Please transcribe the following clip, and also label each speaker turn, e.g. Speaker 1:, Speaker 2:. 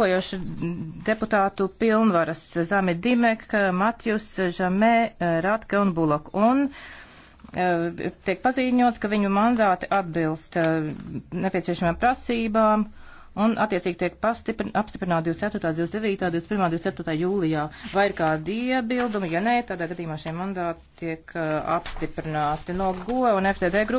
Speaker 1: sekojoši deputātu pilnvaras Zami Dimek, Matjus, Žamē, Ratke un Bulok. Un eh, tiek paziņots, ka viņu mandāti atbilst eh, nepieciešamām prasībām un attiecīgi tiek apstiprināti 24., 29., 21., 24. jūlijā. Vai ir kādi iebildumi? Ja nē, tādā gadījumā šie mandāti tiek eh, apstiprināti no GO e un FTD grupas.